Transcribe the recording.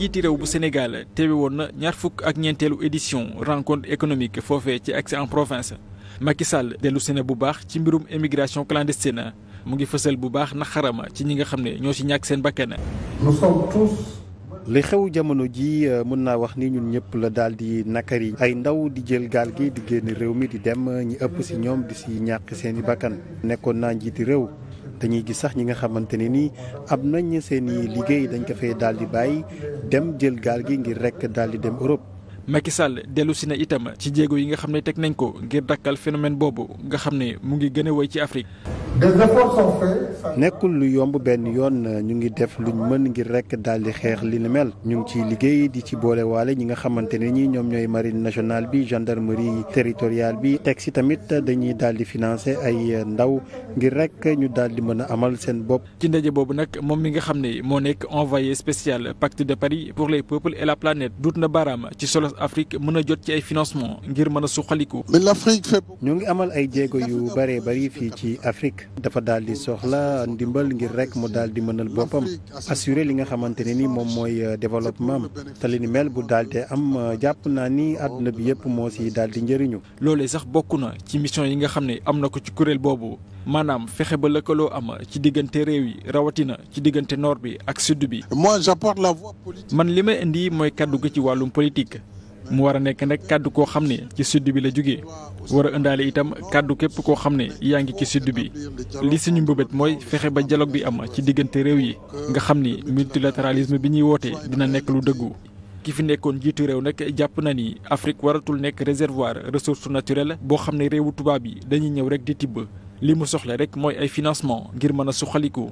njiiti réew bu Sénégal teewe woon na ñaar fukk ak ñeenteelu édition rencontre économique foofee ci accès en province Macky Sall dellu si bu baax ci mbirum émigration clandestine mu ngi fësal bu baax na xarama ci ñi nga xam ne ñoo ci ñàkk seen bakkan. li xew jamono ji euh, mën naa wax ni ñun ñëpp la daal di nakar yi ay ndaw di jël gaal gi di génn réew mi di dem ñi ëpp si ñoom di si ñàkk seen i bakkan nekkoon naa njiiti réew. dañuy gis sax ñi nga xamante ne nii ab nañ seen i liggéey dañ ko fay daal di bàyyi dem jël gaal gi ngir rek daal di dem Europe. Macky Sall dellu si na itam ci jéego yi nga xam ne teg nañ ko ngir dakkal phénomène boobu nga xam ne mu ngi gën a woy ci Afrique. nekkul lu yomb benn yoon ñu ngi def luñ mën ngir rek daal di xeex li ni mel ñu ngi ciy liggéey di ci boolewaale ñi nga xamante ne ñi ñoom ñooy marine nationale bi gendarmerie territoriale bi teg si tamit dañuy daal di financer ay ndaw ngir rek ñu daal di mën a amal seen bopp. ci ndaje boobu nag moom mi nga xam ne moo nekk envoyé spécial pacte de Paris pour les peuples et la planète duut na baaraama ci solo Afrique mën a jot ci ay financement ngir mën a suqaliku. mais l'Afrique ngi amal ay jéego yu bëree bëri fii ci Afrique. dafa daal di soxla ndimbal ngir rek mu daal di mënal boppam assurer li nga xamante ne ni moom mooy euh, développement te li ni mel bu daal am euh, jàpp naa ni àdduna bi yëpp moo si daal di njëriñu. loolee sax bokk na ci mission yi nga xam ne am na ko ci kuréel boobu maanaam fexe ba lëkkaloo am ci diggante réew yi rawatina ci diggante noor bi ak sud bi. man li ma indi mooy kàddu gi ci wàllum politique. mu war a nekk nag kàddu koo xam ne ci sud bi la jógee war a ëndaale itam kàddu képp koo xam ne yaa ngi ci sud bi li suñu mbëbët mooy fexe ba dialogue bi am ci diggante réew yi nga xam ni multilatéralisme bi ñuy woote dina nekk lu dëggu ki fi nekkoon jiitu réew nag jàpp na ni Afrique waratul nekk reservoir ressource naturelle boo xam ne réewu tubaab yi dañuy ñëw rek di tibb li mu soxla rek mooy ay financement ngir mën a suqaliku